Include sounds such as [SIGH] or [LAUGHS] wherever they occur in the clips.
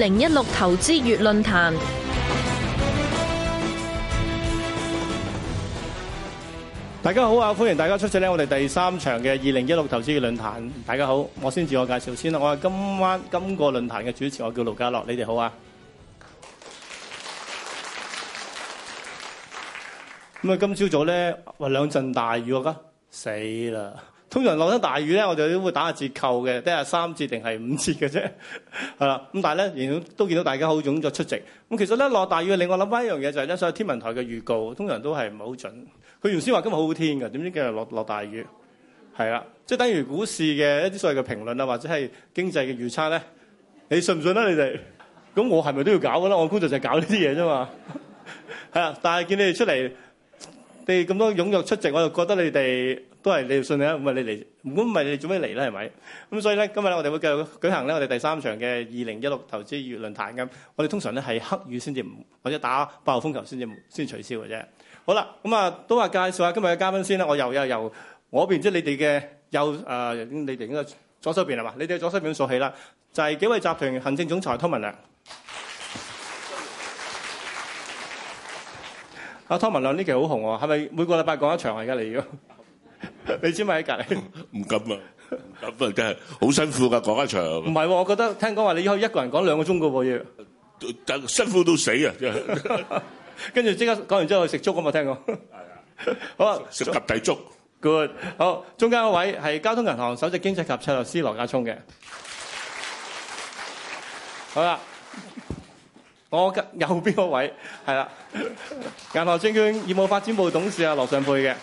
二零一六投資月論壇，大家好啊！歡迎大家出席咧，我哋第三場嘅二零一六投資嘅論壇。大家好，我先自我介紹先啦。我係今晚今個論壇嘅主持，我叫盧家樂。你哋好啊！咁啊，今朝早咧，話兩陣大雨啊，噶死啦！通常落咗大雨咧，我哋都會打下折扣嘅，即係三折定係五折嘅啫，係啦。咁但係咧，仍都見到大家好踴躍出席。咁其實咧，落大雨令我諗翻一樣嘢就係咧，所有天文台嘅預告通常都係唔係好準。佢原先話今日好好天㗎，點知今日落落大雨？係啦，即係等於股市嘅一啲所謂嘅評論啊，或者係經濟嘅預測咧，你信唔信呢、啊？你哋？咁我係咪都要搞嘅啦？我工作就係搞呢啲嘢啫嘛。係啦，但係見你哋出嚟，你咁多踴躍出席，我就覺得你哋。都係你哋信啦，唔係你嚟，唔好唔係你做咩嚟咧？係咪？咁所以咧，今日咧我哋會繼續舉行咧我哋第三場嘅二零一六投資月論壇咁。我哋通常咧係黑雨先至，或者打八號風球先至先取消嘅啫。好啦，咁啊都話介紹下今日嘅嘉賓先啦。我由由我邊，即係你哋嘅右誒、呃，你哋嗰個左手邊係嘛？你哋左手邊數起啦，就係、是、幾位集團行政總裁湯文亮。阿謝、啊、湯文亮呢期好紅喎，係咪每個禮拜講一場啊？而家你你知咪喺隔籬？唔敢啊！咁啊，真係好辛苦噶，啊，講一場。唔係，啊，我覺得聽講話你可以一個人講兩個鐘個喎，要辛苦到死啊！真係。跟住即刻講完之後去食粥噶嘛？聽講？係啊。好啊食，食及第粥。Good。好，中間嗰位係交通銀行首席經濟及策略師羅家聰嘅。 [LAUGHS] 好啦，啊，我右邊嗰位係啦，銀、啊、行證券業務發展部董事啊羅尚沛嘅。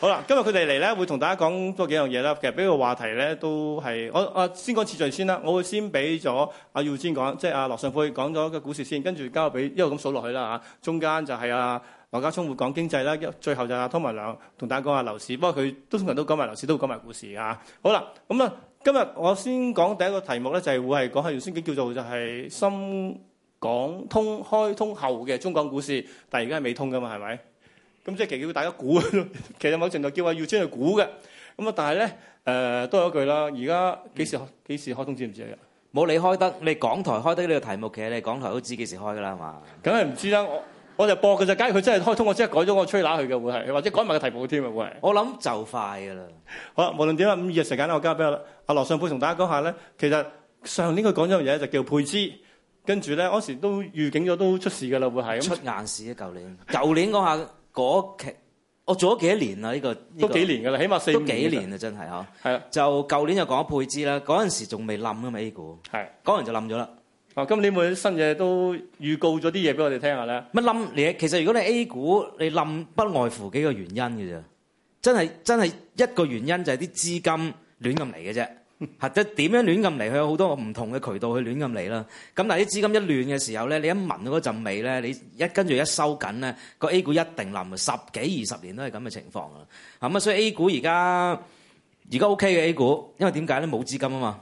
好啦，今日佢哋嚟咧，會同大家講多幾樣嘢啦。其實，俾個話題咧，都係我啊，我先講次序先啦。我會先俾咗阿耀先講，即係阿羅尚沛講咗個股市先，跟住交俾一路咁數落去啦嚇。中間就係啊，羅家聰會講經濟啦，最後就阿湯文亮同大家講下樓市。不過佢都通常都講埋樓市，都講埋股市啊。好啦，咁、嗯、啦，今日我先講第一個題目咧，就係會係講下原先叫做就係深港通開通後嘅中港股市，但係而家係未通噶嘛，係咪？咁即係其實要大家估，其實某程度叫阿要川去估嘅。咁啊，但係咧，誒、呃、都有一句啦。而家幾時幾時開通知唔知啊？冇你開得，你港台開得呢個題目，其實你港台都知幾時開噶啦，係嘛？梗係唔知啦，我我就播佢，就假如佢真係開通，我即係改咗我吹乸佢嘅會係，或者改埋個題目添啊會。我諗就快㗎啦。好啦，無論點啦，五二嘅時間我交俾阿阿羅尚沛同大家講下咧。其實上年佢講咗樣嘢就叫配資，跟住咧嗰時都預警咗都出事㗎啦會係。出硬事啊！舊年。舊 [LAUGHS] 年嗰下。嗰期我做咗幾多年啦？呢個都幾年噶啦，起碼四五年啊！真係嚇，就舊年就講配資啦，嗰陣時仲未冧噶嘛 A 股，係講完就冧咗啦。哦，今年會啲新嘢都預告咗啲嘢俾我哋聽下咧。乜冧嘢？其實如果你 A 股你冧，不外乎幾個原因嘅啫，真係真係一個原因就係啲資金亂咁嚟嘅啫。係即點樣亂咁嚟？佢有好多唔同嘅渠道去亂咁嚟啦。咁但係啲資金一亂嘅時候咧，你一聞到嗰陣味咧，你一跟住一收緊咧，個 A 股一定冧。十幾二十年都係咁嘅情況啦。咁啊，所以 A 股而家而家 OK 嘅 A 股，因為點解咧？冇資金啊嘛。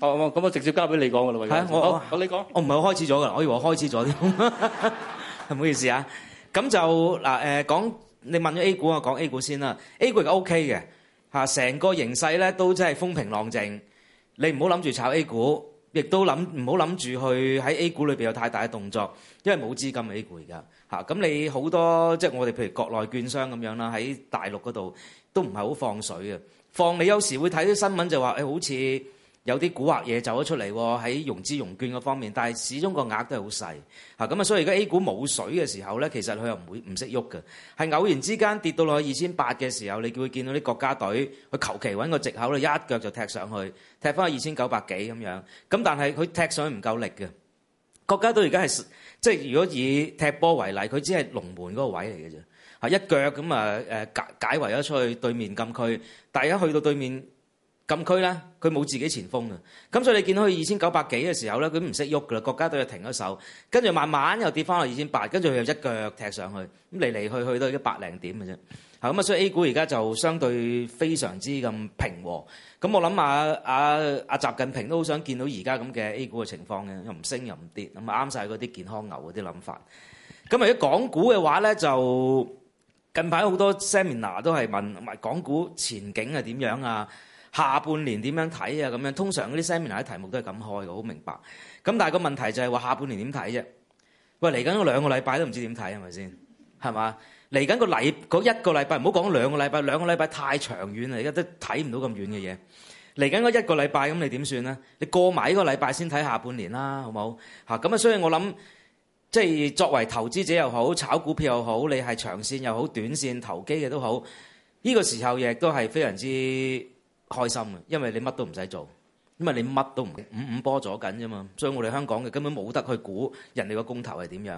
哦，咁我直接交俾你講噶啦，喂。係啊，我我你講。我唔係我開始咗噶，我以為我開始咗添。係唔好意思啊。咁就嗱，誒，講你問咗 A 股啊，講 A 股先啦。A 股係 OK 嘅。嚇，成個形勢咧都真係風平浪靜，你唔好諗住炒 A 股，亦都諗唔好諗住去喺 A 股裏面有太大嘅動作，因為冇資金 A 股而家咁。你好多即係我哋譬如國內券商咁樣啦，喺大陸嗰度都唔係好放水嘅，放你有時會睇啲新聞就話、哎、好似。有啲古惑嘢走咗出嚟喎，喺融資融券嗰方面，但係始終個額都係好細嚇。咁啊，所以而家 A 股冇水嘅時候咧，其實佢又唔會唔識喐嘅。係偶然之間跌到落去二千八嘅時候，你會見到啲國家隊佢求其搵個藉口咧，一腳就踢上去，踢返去二千九百幾咁樣。咁但係佢踢上去唔夠力嘅。國家隊而家係即係如果以踢波為例，佢只係龍門嗰個位嚟嘅啫嚇，一腳咁啊誒解解圍咗出去對面禁區，但係一去到對面。禁區咧，佢冇自己前鋒嘅，咁所以你見到佢二千九百幾嘅時候咧，佢都唔識喐噶啦，國家隊停咗手，跟住慢慢又跌翻去二千八，跟住又一腳踢上去，咁嚟嚟去去都係一百零點嘅啫。嚇咁啊，所以 A 股而家就相對非常之咁平和。咁我諗下啊啊，習近平都好想見到而家咁嘅 A 股嘅情況嘅，又唔升又唔跌，咁啊啱曬嗰啲健康牛嗰啲諗法。咁如果港股嘅話咧，就近排好多 seminar 都係問同埋港股前景係點樣啊？下半年點樣睇啊？咁樣通常嗰啲 seminar 啲題目都係咁開嘅，好明白。咁但係個問題就係話下半年點睇啫？喂，嚟緊兩個禮拜都唔知點睇係咪先？係嘛？嚟緊個禮嗰一個禮拜，唔好講兩個禮拜，兩個禮拜太長遠啦，而家都睇唔到咁遠嘅嘢。嚟緊嗰一個禮拜，咁你點算咧？你過埋呢個禮拜先睇下半年啦，好唔好？嚇咁啊！所以我諗，即係作為投資者又好，炒股票又好，你係長線又好，短線投機嘅都好，呢個時候亦都係非常之開心嘅，因為你乜都唔使做，因為你乜都唔，五五波咗緊啫嘛，所以我哋香港嘅根本冇得去估人哋個公投係點樣，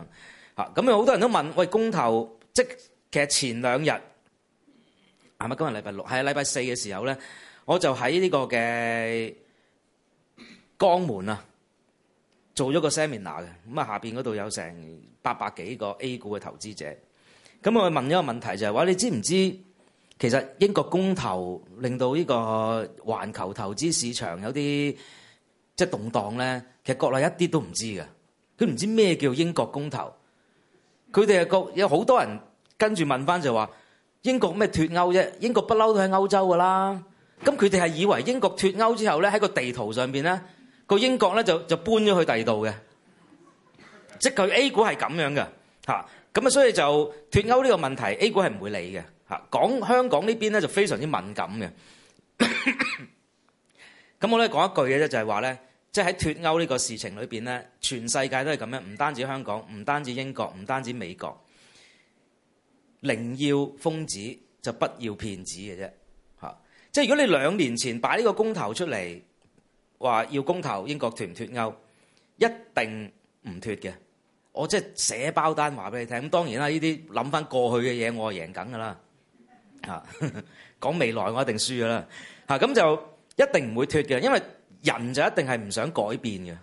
吓、嗯，咁啊好多人都問，喂，公投，即係其實前兩日，係咪今日禮拜六，係禮拜四嘅時候咧，我就喺呢個嘅江門啊，做咗個 seminar 嘅，咁、嗯、啊下邊嗰度有成八百幾個 A 股嘅投資者，咁、嗯、我問咗個問題就係、是、話，你知唔知？其實英國公投令到呢個環球投資市場有啲即係動蕩咧，其實國內一啲都唔知㗎，佢唔知咩叫英國公投。佢哋係有好多人跟住問翻就話英國咩脱歐啫？英國不嬲都喺歐洲噶啦，咁佢哋係以為英國脱歐之後咧喺個地圖上邊咧個英國咧就就搬咗去第二度嘅，即佢 A 股係咁樣嘅吓，咁啊所以就脱歐呢個問題，A 股係唔會理嘅。講，香港呢邊呢，就非常之敏感嘅。咁 [COUGHS] [COUGHS] 我咧講一句嘢咧，就係話咧，即係喺脫歐呢個事情裏邊咧，全世界都係咁樣，唔單止香港，唔單止英國，唔單止美國。寧要瘋子，就不要騙子嘅啫。嚇，即係如果你兩年前擺呢個公投出嚟，話要公投英國脫唔脫歐，一定唔脫嘅。我即係寫包單話俾你聽。咁當然啦，呢啲諗翻過去嘅嘢，我係贏緊噶啦。啊，講 [LAUGHS] 未來我一定輸啦！嚇，咁就一定唔會脱嘅，因為人就一定係唔想改變嘅。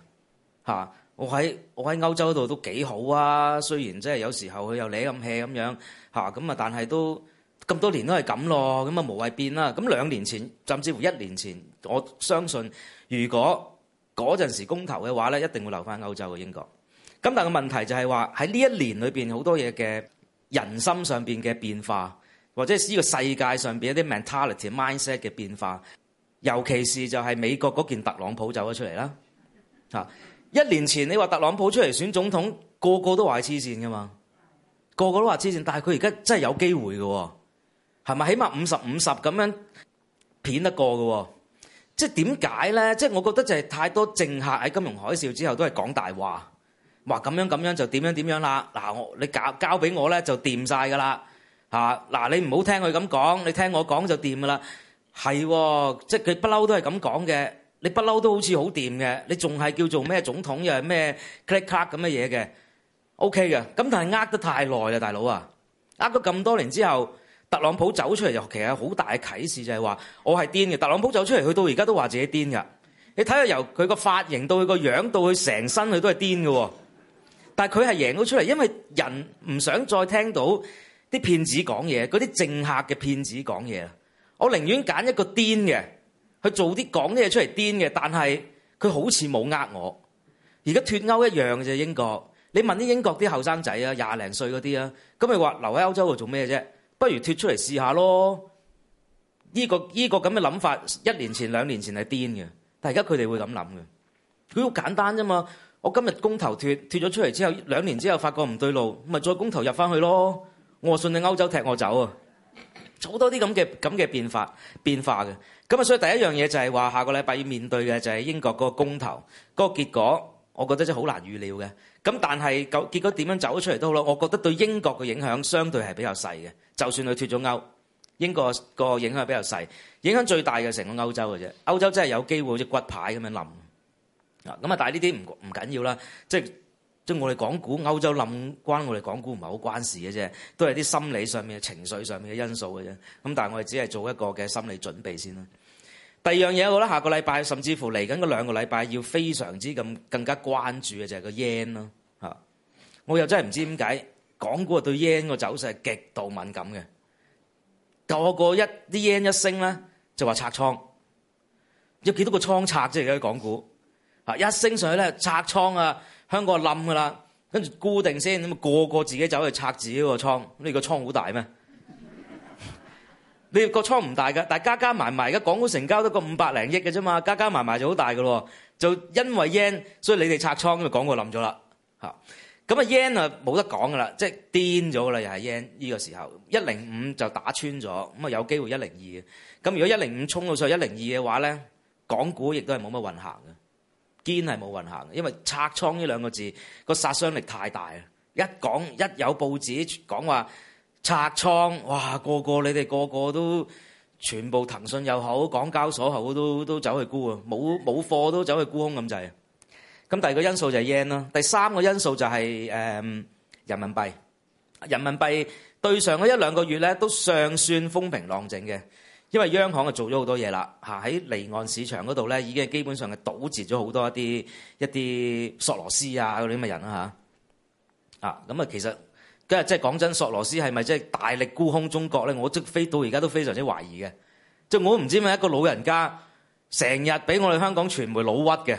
嚇，我喺我喺歐洲度都幾好啊，雖然即係有時候佢又嗲咁 h e 咁樣嚇，咁啊但係都咁多年都係咁咯，咁啊無謂變啦。咁兩年前，甚至乎一年前，我相信如果嗰陣時公投嘅話咧，一定會留翻歐洲嘅英國。咁但係個問題就係話喺呢一年裏邊好多嘢嘅人心上邊嘅變化。或者呢個世界上邊一啲 mentality mindset 嘅變化，尤其是就係美國嗰件特朗普走咗出嚟啦。嚇，一年前你話特朗普出嚟選總統，個個都話係黐線嘅嘛，個個都話黐線，但係佢而家真係有機會嘅喎，係咪起碼五十五十咁樣片得過嘅喎？即係點解咧？即係我覺得就係太多政客喺金融海嘯之後都係講大話，話咁樣咁樣就點樣點樣啦。嗱，你交交俾我咧就掂晒㗎啦。吓嗱、啊！你唔好聽佢咁講，你聽我講就掂㗎啦。係、哦，即係佢不嬲都係咁講嘅，你不嬲都好似好掂嘅。你仲係叫做咩總統又係咩 click-clack 咁嘅嘢嘅，OK 嘅。咁但係呃得太耐啦，大佬啊，呃咗咁多年之後，特朗普走出嚟又其實好大嘅啟示，就係話我係癲嘅。特朗普走出嚟，去到而家都話自己癲㗎。你睇下由佢個髮型到佢個樣到佢成身，佢都係癲嘅。但係佢係贏咗出嚟，因為人唔想再聽到。啲騙子講嘢，嗰啲政客嘅騙子講嘢啊！我寧願揀一個癲嘅去做啲講啲嘢出嚟癲嘅，但係佢好似冇呃我。而家脫歐一樣嘅啫，就係、英國你問啲英國啲後生仔啊，廿零歲嗰啲啊，咁咪話留喺歐洲度做咩啫？不如脫出嚟試下咯。呢個呢個咁嘅諗法，一年前兩年前係癲嘅，但係而家佢哋會咁諗嘅。佢好簡單啫嘛。我今日公投脫脫咗出嚟之後，兩年之後發覺唔對路，咪再公投入翻去咯。我信你歐洲踢我走啊！好多啲咁嘅咁嘅變化變化嘅，咁啊所以第一樣嘢就係話下個禮拜要面對嘅就係英國個公投嗰、嗰個結果，我覺得真係好難預料嘅。咁但係結果點樣走出嚟都好咯，我覺得對英國嘅影響相對係比較細嘅。就算佢脫咗歐，英國個影響係比較細，影響最大嘅成個歐洲嘅啫。歐洲真係有機會好似骨牌咁樣冧啊！咁啊，但係呢啲唔唔緊要啦，即係即係我哋港股，歐洲冧關我哋港股唔係好關事嘅啫，都係啲心理上面嘅情緒上面嘅因素嘅啫。咁但係我哋只係做一個嘅心理準備先啦。第二樣嘢我覺得下個禮拜甚至乎嚟緊嗰兩個禮拜要非常之咁更加關注嘅就係個 yen 咯嚇。我又真係唔知點解，港股對 yen 個走勢係極度敏感嘅。個個一啲 yen 一升咧就話拆倉，有幾多個倉拆啫？而家啲港股嚇一升上去咧拆倉啊！香港冧噶啦，跟住固定先，咁啊個個自己走去拆自己個倉。你個倉好大咩？ [LAUGHS] 你個倉唔大㗎，但係加加埋埋而家港股成交都個五百零億嘅啫嘛，加加埋埋就好大㗎咯。就因為 yen，所以你哋拆倉，咁啊港股冧咗啦。嚇，咁啊 yen 啊冇得講噶啦，即係癲咗噶啦，又係 yen 呢個時候，一零五就打穿咗，咁啊有機會一零二。咁如果一零五衝到上去一零二嘅話咧，港股亦都係冇乜運行嘅。堅係冇運行，因為拆倉呢兩個字個殺傷力太大啊！一講一有報紙講話拆倉，哇個個你哋個個都全部騰訊又好，港交所又好都，都都走去沽啊！冇冇貨都走去沽空咁滯。咁第二個因素就係 yen 咯，第三個因素就係誒人民幣。人民幣對上嗰一兩個月咧，都尚算風平浪靜嘅。因為央行就做咗好多嘢啦，喺離岸市場嗰度呢，已經基本上係堵截咗好多一啲一啲索羅斯啊嗰啲咁嘅人啦啊，咁、啊、其實今日即係講真，索羅斯係咪即係大力沽空中國呢？我即飛到而家都非常之懷疑嘅，即係我唔知係咪一個老人家成日俾我哋香港傳媒老屈嘅。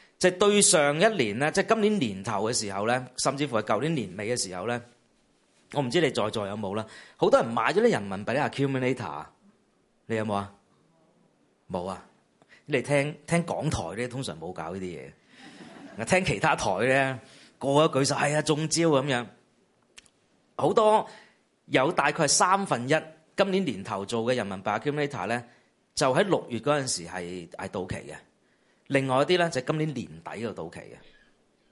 即係對上一年咧，即係今年年頭嘅時候咧，甚至乎係舊年年尾嘅時候咧，我唔知你在座有冇啦。好多人買咗啲人民幣嘅 accumulator，你有冇啊？冇啊？你哋聽聽港台咧，通常冇搞呢啲嘢。 [LAUGHS] 聽其他台咧，過一舉就哎呀，中招咁樣。好多有大概三分一今年年頭做嘅人民幣 accumulator 咧，就喺六月嗰陣時係係到期嘅。另外一啲咧就係今年年底就到期嘅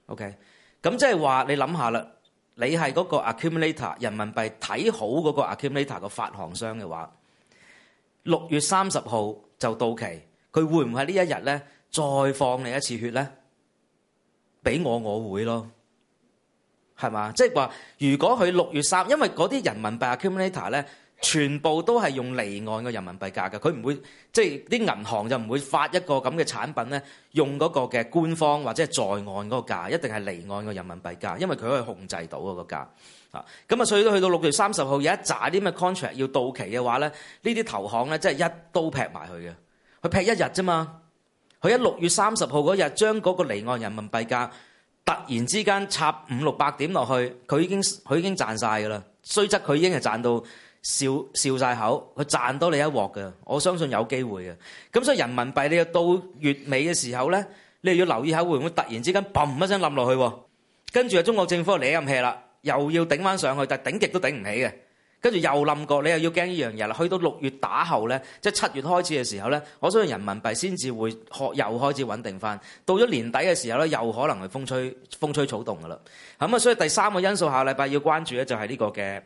，OK，咁即係話你諗下啦，你係嗰個 accumulator 人民幣睇好嗰個 accumulator 個發行商嘅話，六月三十號就到期，佢會唔會喺呢一日咧再放你一次血咧？俾我我會咯，係嘛？即係話如果佢六月三，因為嗰啲人民幣 accumulator 咧。全部都係用離岸嘅人民幣價㗎，佢唔會即係啲銀行就唔會發一個咁嘅產品咧，用嗰個嘅官方或者係在岸嗰個價，一定係離岸嘅人民幣價，因為佢可以控制到嗰個價啊。咁啊，所以到去到六月三十號有一扎啲咩 contract 要到期嘅話咧，呢啲投行咧即係一刀劈埋佢嘅，佢劈一日啫嘛，佢一六月三十號嗰日將嗰個離岸人民幣價突然之間插五六百點落去，佢已經佢已經賺晒㗎啦。雖則佢已經係賺到。笑笑晒口，佢賺多你一鑊嘅，我相信有機會嘅。咁所以人民幣你又到月尾嘅時候咧，你又要留意下會唔會突然之間砰一聲冧落去。跟住啊，中國政府嚟咁氣啦，又要頂翻上去，但係頂極都頂唔起嘅。跟住又冧過，你又要驚呢樣嘢啦。去到六月打後咧，即係七月開始嘅時候咧，我相信人民幣先至會又開始穩定翻。到咗年底嘅時候咧，又可能係風吹風吹草動㗎啦。咁啊，所以第三個因素下禮拜要關注咧，就係呢個嘅。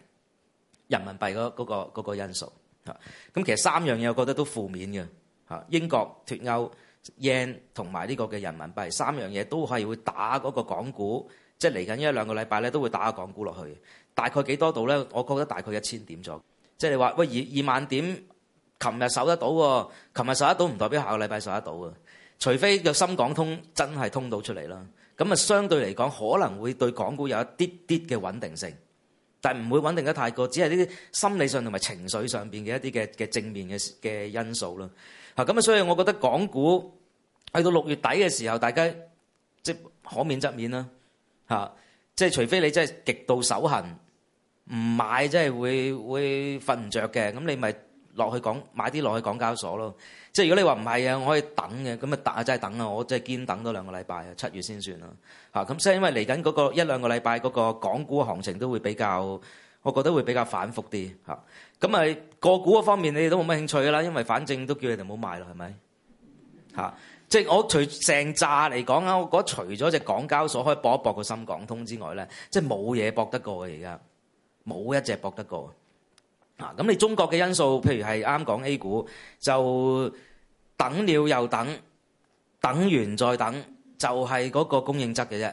人民幣嗰嗰個因素嚇，咁其實三樣嘢我覺得都負面嘅嚇，英國脫歐 Yen 同埋呢個嘅人民幣三樣嘢都係會打嗰個港股，即係嚟緊一兩個禮拜咧都會打個港股落去。大概幾多度咧？我覺得大概一千點左右，即係你話喂，二二萬點，琴日守得到，琴日守得到唔代表下個禮拜守得到嘅，除非有深港通真係通到出嚟啦。咁啊，相對嚟講可能會對港股有一啲啲嘅穩定性。但係唔會穩定得太過，只係啲心理上同埋情緒上面嘅一啲嘅正面嘅因素，咁所以我覺得港股去到六月底嘅時候，大家可免則免啦。即係除非你真係極度手痕，唔買真係會會瞓唔着嘅，咁你咪。落去港買啲落去港交所咯，即係如果你話唔係嘅，我可以等嘅，咁咪等啊，真係等啊，我真係堅等多兩個禮拜啊，七月先算啦嚇咁、嗯、即係因為嚟緊嗰個一兩個禮拜嗰個港股嘅行情都會比較，我覺得會比較反覆啲嚇。咁、嗯、咪、嗯、個股方面你哋都冇乜興趣㗎啦，因為反正都叫你哋唔好賣啦，係咪、嗯嗯、即係我除成炸嚟講啊，我覺得除咗隻港交所可以搏一搏個深港通之外咧，即係冇嘢搏得過嘅而家，冇一隻搏得過。啊！咁你中國嘅因素，譬如係啱講 A 股，就等了又等，等完再等，就係嗰個供應側嘅啫。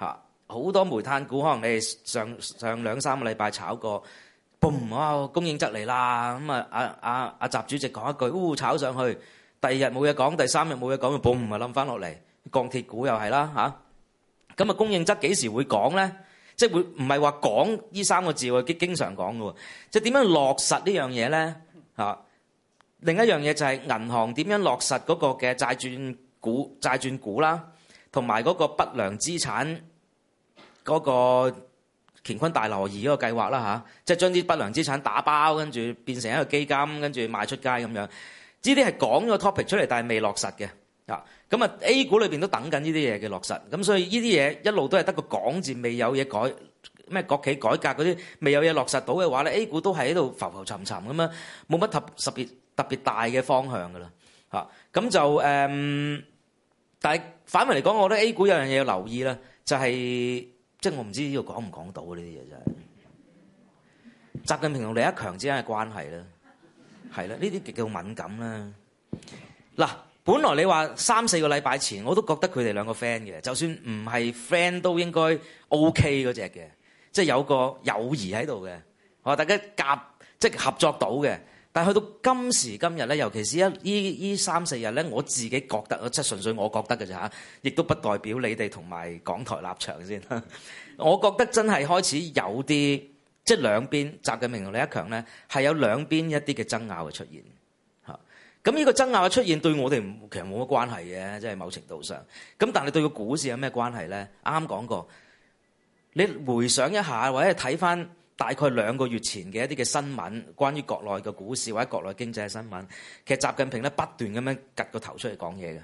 嚇！好多煤炭股，可能你上上兩三個禮拜炒過，嘣！哇，供應側嚟啦。咁啊，阿阿阿習主席講一句，呼，炒上去，第二日冇嘢講，第三日冇嘢講，就嘣啊，冧翻落嚟。鋼鐵股又係啦，嚇！咁啊，供應側幾時會講咧？即係會唔係話講呢三個字我經常講嘅喎，即係點樣落實呢樣嘢咧？吓，另一樣嘢就係銀行點樣落實嗰個嘅債轉股、債轉股啦，同埋嗰個不良資產嗰個乾坤大挪移嗰個計劃啦吓、啊，即係將啲不良資產打包跟住變成一個基金，跟住賣出街咁樣，呢啲係講咗個 topic 出嚟，但係未落實嘅。啊，咁啊、嗯、A 股裏邊都等緊呢啲嘢嘅落實，咁所以呢啲嘢一路都係得個講字，未有嘢改咩國企改革嗰啲，未有嘢落實到嘅話咧，A 股都係喺度浮浮沉沉咁啊，冇乜特別特別特別大嘅方向噶啦，咁就誒，但係反面嚟講，我覺得 A 股有樣嘢要留意啦，就係即係我唔知呢度講唔講到呢啲嘢就係、是，習近平同李克強之間嘅關係啦，係啦，呢啲極度敏感啦，嗱、嗯。本來你話三四個禮拜前，我都覺得佢哋兩個 friend 嘅，就算唔係 friend 都應該 OK 嗰隻嘅，即係有個友誼喺度嘅。我話大家夾即係合作到嘅，但係去到今時今日咧，尤其是一呢三四日咧，我自己覺得，即係純粹我覺得嘅咋，亦都不代表你哋同埋港台立場先。我覺得真係開始有啲即係兩邊，習近平同李克強咧，係有兩邊一啲嘅爭拗嘅出現。咁呢個爭拗嘅出現對我哋其實冇乜關係嘅，即係某程度上。咁但你對個股市有咩關係呢？啱啱講過，你回想一下或者睇返大概兩個月前嘅一啲嘅新聞，關於國內嘅股市或者國內經濟嘅新聞，其實習近平呢不斷咁樣趷個頭出嚟講嘢嘅，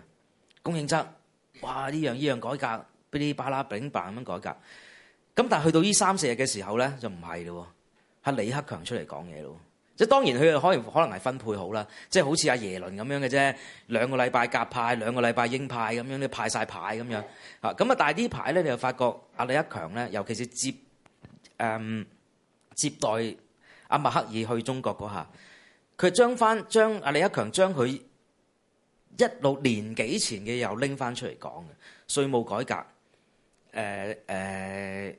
供應側，嘩，呢樣依樣改革，呢啲巴啦，丙白咁樣改革。咁但去到呢三四日嘅時候呢，就唔係喎，係李克強出嚟講嘢咯。即係當然，佢可能可能係分配好啦，即係好似阿耶倫咁樣嘅啫，兩個禮拜鴿派，兩個禮拜鷹派咁樣，你派晒牌咁樣嚇。咁啊、嗯，但係呢排咧，你又發覺阿李克強咧，尤其是接誒、嗯、接待阿、啊、麥克爾去中國嗰下，佢將翻將阿李克強將佢一六年幾前嘅又拎翻出嚟講嘅稅務改革，誒、呃、誒。呃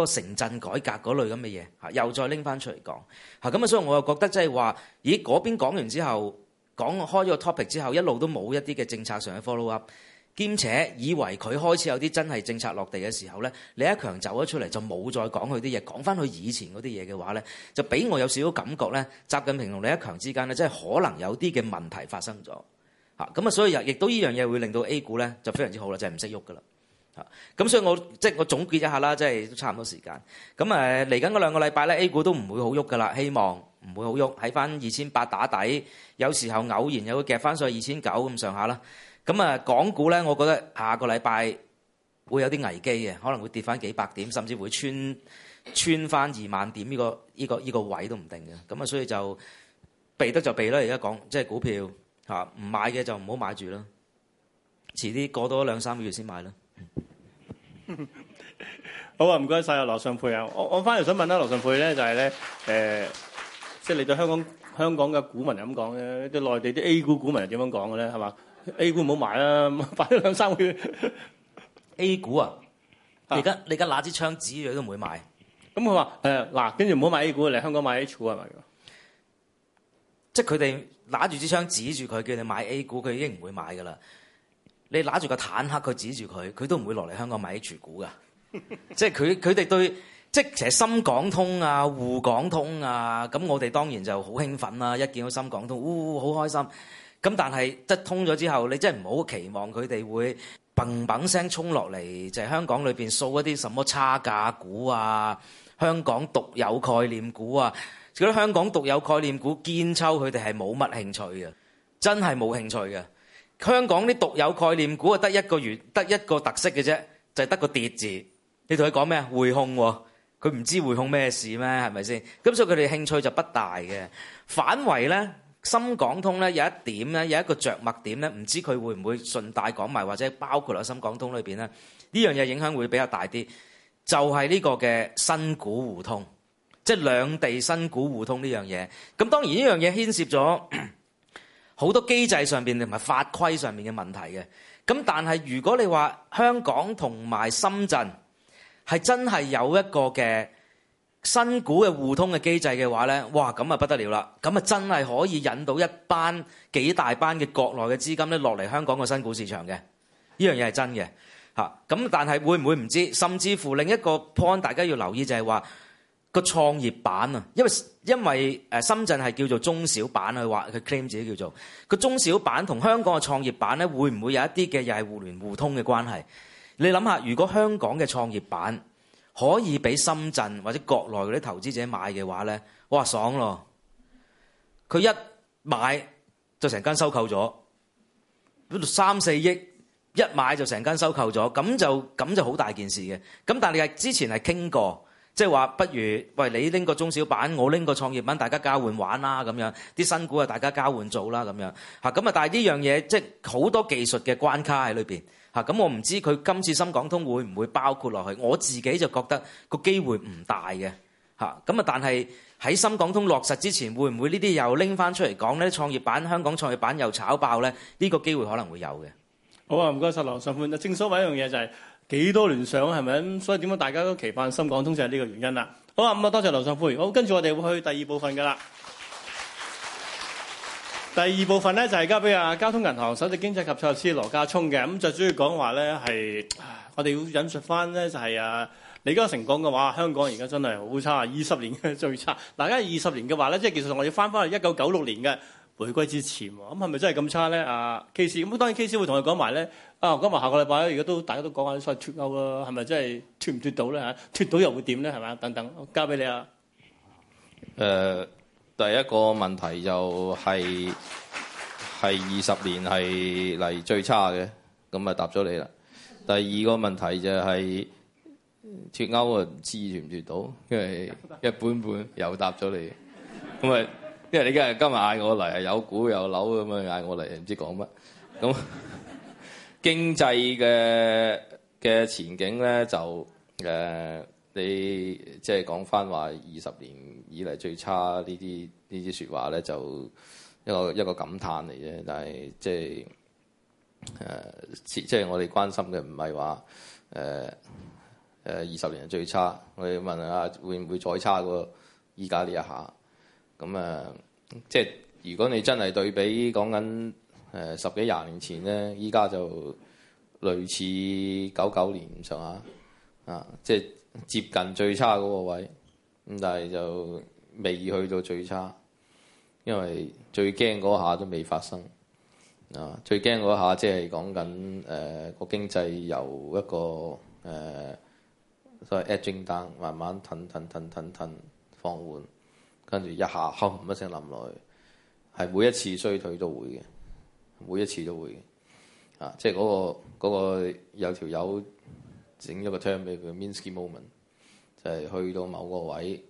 個城鎮改革嗰類咁嘅嘢，嚇又再拎翻出嚟講，嚇咁啊！所以我又覺得即係話，咦嗰邊講完之後，講開咗個 topic 之後，一路都冇一啲嘅政策上嘅 follow up，兼且以為佢開始有啲真係政策落地嘅時候咧，李克強走咗出嚟就冇再講佢啲嘢，講翻佢以前嗰啲嘢嘅話咧，就俾我有少少感覺咧，習近平同李克強之間咧，即係可能有啲嘅問題發生咗，嚇咁啊！所以亦都依樣嘢會令到 A 股咧就非常之好啦，就係唔識喐噶啦。咁、嗯、所以我即係我總結一下啦，即係都差唔多時間咁誒。嚟緊嗰兩個禮拜咧，A 股都唔會好喐噶啦，希望唔會好喐，喺翻二千八打底。有時候偶然又會夾翻上去二千九咁上下啦。咁啊，港股咧，我覺得下個禮拜會有啲危機嘅，可能會跌翻幾百點，甚至會穿穿翻二萬點呢、呢個呢、呢個呢、呢個位都唔定嘅。咁啊，所以就避得就避啦。而家講即係股票嚇，唔、啊、買嘅就唔好買住啦，遲啲過多兩三個月先買啦。 [LAUGHS] 好啊，唔該晒啊，羅尚沛啊，我我翻嚟想問咧，羅尚沛咧就係、是、咧，誒、呃，即、就、係、是、你對香港香港嘅股民係咁講咧，對內地啲 A 股股民係點樣講嘅咧，係嘛？A 股唔好買啦，買 [LAUGHS] 咗兩三個月，A 股啊，而家而家拿支槍指住佢都唔會買。咁佢話誒，嗱、啊，跟住唔好買 A 股，嚟香港買 H 股係咪？即係佢哋拿住支槍指住佢，叫你買 A 股，佢已經唔會買噶啦。你拿住個坦克佢指住佢，佢都唔會落嚟香港買 H 股㗎。 [LAUGHS] 即係佢佢哋對，即係其實深港通啊、滬港通啊，咁我哋當然就好興奮啦。一見到深港通，哇、哦，好開心。咁但係得通咗之後，你真係唔好期望佢哋會砰砰聲衝落嚟，就係、是、香港裏面掃一啲什麼差價股啊、香港獨有概念股啊。嗰啲香港獨有概念股堅抽，佢哋係冇乜興趣嘅，真係冇興趣嘅。香港啲獨有概念股啊，得一個月，得一個特色嘅啫，就係得個跌字。你同佢講咩啊？匯控啊，佢唔知匯控咩事咩？係咪先？咁所以佢哋興趣就不大嘅。反為咧，深港通咧有一點咧，有一個着墨點咧，唔知佢會唔會順帶講埋或者包括落深港通裏邊咧，呢樣嘢影響會比較大啲。就係呢個嘅新股互通，即係兩地新股互通呢樣嘢。咁當然呢樣嘢牽涉咗。好多機制上面同埋法規上面嘅問題嘅，咁但係如果你話香港同埋深圳係真係有一個嘅新股嘅互通嘅機制嘅話呢，哇咁啊不得了啦，咁啊真係可以引到一班幾大班嘅國內嘅資金咧落嚟香港個新股市場嘅，呢樣嘢係真嘅嚇。咁但係會唔會唔知？甚至乎另一個 point 大家要留意就係話。個創業板啊，因為因為誒深圳係叫做中小板，佢話佢 claim 自己叫做個中小板，同香港嘅創業板咧，會唔會有一啲嘅又係互聯互通嘅關係？你諗下，如果香港嘅創業板可以俾深圳或者國內嗰啲投資者買嘅話咧，哇爽咯！佢一,一買就成間收購咗，嗰度三四億一買就成間收購咗，咁就咁就好大件事嘅。咁但係之前係傾過。即係話，不如喂你拎個中小板，我拎個創業板，大家交換玩啦咁樣，啲新股啊，大家交換做啦咁樣。嚇咁啊，但係呢樣嘢即係好多技術嘅關卡喺裏邊。嚇咁，我唔知佢今次深港通會唔會包括落去。我自己就覺得個機會唔大嘅。嚇咁啊，但係喺深港通落實之前，會唔會呢啲又拎翻出嚟講咧？創業板香港創業板又炒爆咧？呢個機會可能會有嘅。好啊，唔該晒，羅尚沛。正所謂一樣嘢就係。幾多聯想係咪？所以點解大家都期盼深港通就係呢個原因啦。好啊，咁、嗯、啊，多謝羅尚沛。好，跟住我哋會去第二部分噶啦。 [LAUGHS] 第二部分咧就係交俾啊交通銀行首席經濟及策略師羅家聰嘅。咁、嗯、就主要講話咧係，我哋要引述翻咧就係、是、啊，李嘉誠講嘅話，香港而家真係好差，二十年嘅最差。嗱、啊，而家二十年嘅話咧，即係其實我哋翻翻去一九九六年嘅回歸之前，咁係咪真係咁差咧？啊，K 師，咁當然 K 師會同佢講埋咧。啊，今日下個禮拜咧，而家都大家都講下啲脫歐嘅係咪真係脫唔脫到咧嚇？脫到又會點咧係咪？等等，我交俾你啊。誒、呃，第一個問題就係係二十年係嚟最差嘅，咁啊答咗你啦。第二個問題就係、是、脫歐啊，唔知脫唔脫到？因為一本本又答咗你，咁啊、就是，因為你今日今日嗌我嚟係有股有樓咁啊，嗌我嚟唔知講乜咁。經濟嘅嘅前景咧，就誒、呃、你即係講翻話二十年以嚟最差說話呢啲呢啲說話咧，就一個一個感嘆嚟啫。但係即係誒，即係、呃、我哋關心嘅唔係話誒誒二十年係最差，我哋問下會唔會再差過依家呢一下？咁啊，即係如果你真係對比講緊。誒十幾廿年前咧，依家就類似九九年上下啊，即係接近最差嗰個位咁，但係就未去到最差，因為最驚嗰下都未發生啊。最驚嗰下即係講緊誒個經濟由一個誒、呃、所謂 edging down 慢慢騰騰騰騰騰放緩，跟住一下哼唔一聲冧落去，係每一次衰退都會嘅。每一次都會啊，即係嗰個嗰個有條友整咗個 term 俾佢，Minsky moment 就係去到某個位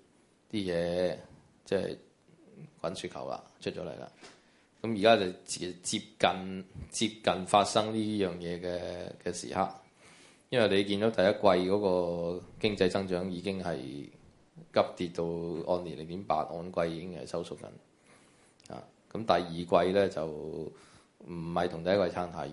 啲嘢即係滾雪球啦，出咗嚟啦。咁而家就接接近接近發生呢樣嘢嘅嘅時刻，因為你見到第一季嗰個經濟增長已經係急跌到按年零點八，按季已經係收縮緊啊。咁第二季咧就～唔係同第一季差太遠，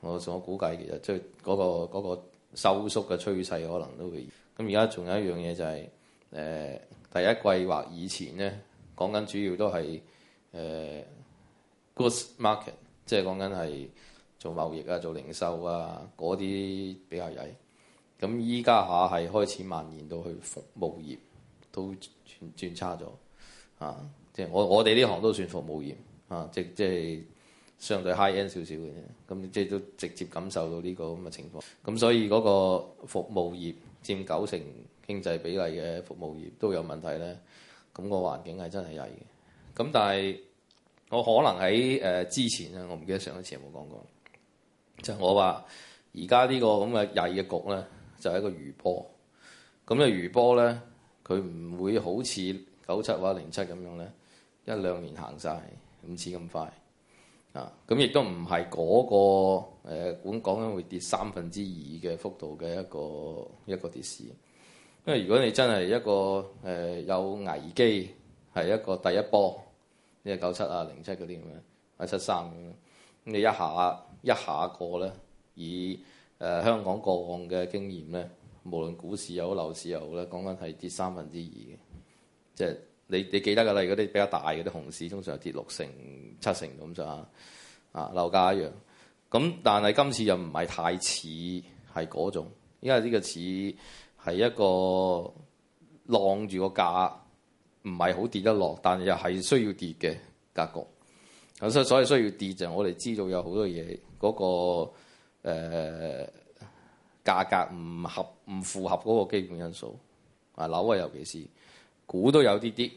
我所估計其實即係嗰個收縮嘅趨勢，可能都會咁。而家仲有一樣嘢就係、是呃、第一季或以前咧，講緊主要都係、呃、goods market，即係講緊係做貿易啊、做零售啊嗰啲比較曳。咁依家下係開始蔓延到去服務業都轉,轉差咗啊！即、即係、我我哋呢行都算服務業啊！即即係。相對 high end 少少嘅啫，咁即係都直接感受到呢個咁嘅情況。咁所以嗰個服務業佔九成經濟比例嘅服務業都有問題咧，咁個環境係真係曳嘅。咁但係我可能喺誒之前啊，我唔記得上一次有冇講過，就係我話而家呢個咁嘅曳嘅局咧，就係、是、一個餘波。咁嘅餘波咧，佢唔會好似九七或者零七咁樣咧，一兩年行晒，唔似咁快。啊，咁亦都唔係嗰個誒，本講緊會跌三分之二嘅幅度嘅一個一個跌市，因為如果你真係一個誒有危機，係一個第一波，係九七啊零七嗰啲咁樣，係七三咁樣，你一下一下過咧，以誒香港個案嘅經驗咧，無論股市又好樓市又好咧，講緊係跌三分之二嘅，即係。你你記得㗎啦？嗰啲比較大嘅啲熊市，通常係跌六成七成咁咋啊？樓價一樣咁，但係今次又唔係太似係嗰種，因為呢個似係一個浪住個價，唔係好跌得落，但係又係需要跌嘅格局。咁所以所以需要跌就係我哋知道有好多嘢嗰個誒價格唔合唔符合嗰個基本因素，啊樓啊，尤其是股都有啲啲。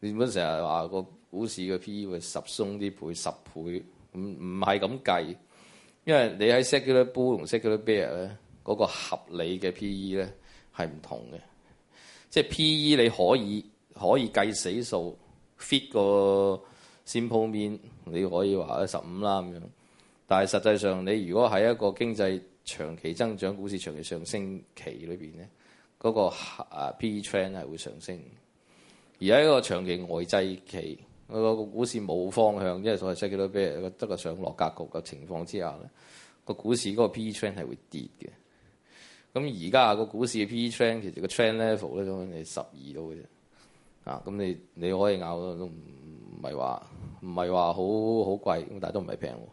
你本成日話個股市嘅 P/E 會十鬆啲倍十倍，唔唔係咁計，因為你喺 secular bull 同 secular bear 咧，嗰個合理嘅 P/E 咧係唔同嘅。即係 P/E 你可以可以計死數 fit 個線鋪面，你可以話十五啦咁樣。但係實際上你如果喺一個經濟長期增長、股市長期上升期裏邊咧，嗰個 P/E trend 係會上升。而喺一個長期外滯期，個股市冇方向，因為所謂西幾多比，一個得個上落格局嘅情況之下咧，個股市嗰個 P trend 係會跌嘅。咁而家個股市嘅 P trend 其實個 trend level 咧，都你十二度嘅啫。啊，咁你你可以咬到，都唔係話唔係話好好貴，但係都唔係平喎，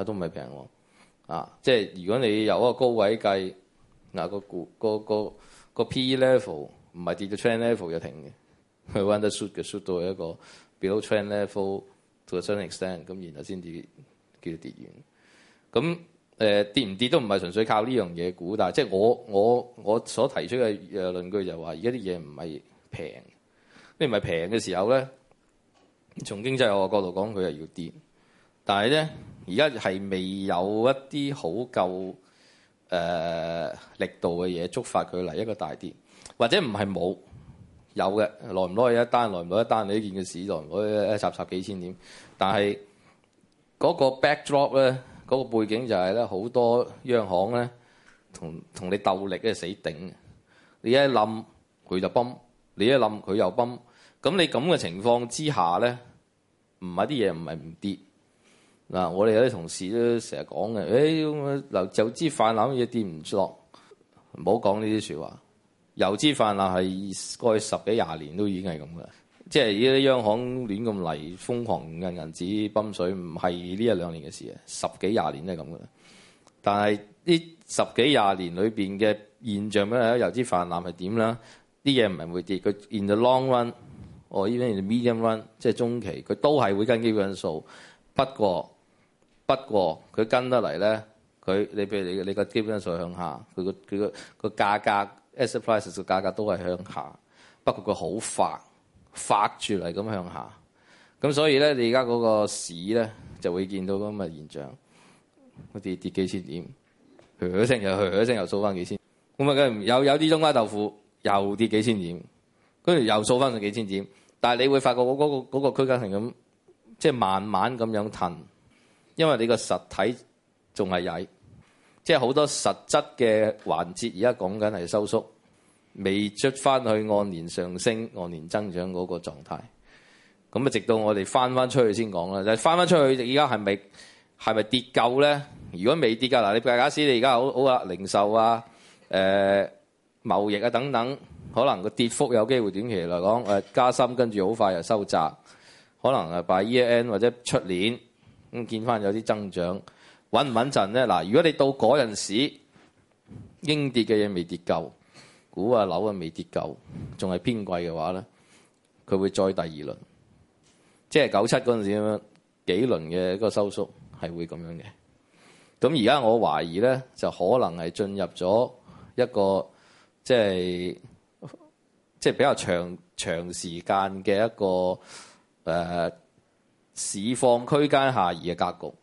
啊都唔係平喎。啊，即係如果你由一個高位計，嗱、啊嗰個股、嗰個個個 P level 唔係跌到 trend level 就停嘅。去 wun 得 short 嘅 short 到一個 below trend level to a certain extent，咁然後先至叫做跌完。咁跌唔、呃、跌，跌都唔係純粹靠呢樣嘢估，但係即係我我我所提出嘅誒論據就係話，而家啲嘢唔係平，你唔係平嘅時候咧，從經濟學角度講，佢係要跌。但係咧，而家係未有一啲好夠誒力度嘅嘢觸發佢嚟一個大跌，或者唔係冇。有嘅，耐唔耐一單，耐唔耐一單，你呢件嘅事來唔到一插插幾千點。但係嗰個 backdrop 咧，嗰個背景就係咧，好多央行咧同同你鬥力嘅死頂。你一冧佢就崩，你一冧佢又崩。咁你咁嘅情況之下咧，唔係啲嘢唔係唔跌嗱。我哋有啲同事都成日講嘅，誒就就知泛濫嘢跌唔落，唔好講呢啲説話。游資泛濫係過去十幾廿年都已經係咁嘅，即係依啲央行亂咁嚟，瘋狂印銀紙、泵水，唔係呢一兩年嘅事啊！十幾廿年都係咁嘅，但係呢十幾廿年裏邊嘅現象咧，游資泛濫係點啦？啲嘢唔係會跌，佢 in the long run，or even in the medium run，即係中期，佢都係會跟基本因素。不過不過佢跟得嚟咧，佢你譬如你你個基本因素向下，佢個佢個個價格。asset price 個價格都係向下，不過佢好快發住嚟咁向下，咁所以咧，你而家嗰個市咧就會見到咁嘅現象，跌跌幾千點，噏一聲又噏一聲又掃返幾千點，咁啊梗係有有啲中間豆腐又跌幾千點，跟住又掃返佢幾千點，但係你會發覺嗰、那、嗰個嗰、那個那個區間咁，即、就、係、是、慢慢咁樣騰，因為你個實體仲係曳。即係好多實質嘅環節，而家講緊係收縮，未出翻去按年上升、按年增長嗰個狀態。咁啊，直到我哋翻翻出去先講啦。就翻、係、翻出去，而家係咪係咪跌夠咧？如果未跌夠，嗱，你假設你而家好好壓零售啊、誒、呃、貿易啊等等，可能個跌幅有機會短期嚟講誒加深，跟住好快又收窄，可能係擺 E A N 或者出年咁見翻有啲增長。穩唔穩陣咧？嗱，如果你到嗰陣時應跌嘅嘢未跌夠，股啊樓啊未跌夠，仲係偏貴嘅話咧，佢會再第二輪，即係九七嗰陣時咁樣幾輪嘅一個收縮係會咁樣嘅。咁而家我懷疑咧，就可能係進入咗一個即係即係比較長長時間嘅一個誒、呃、市況區間下移嘅格局。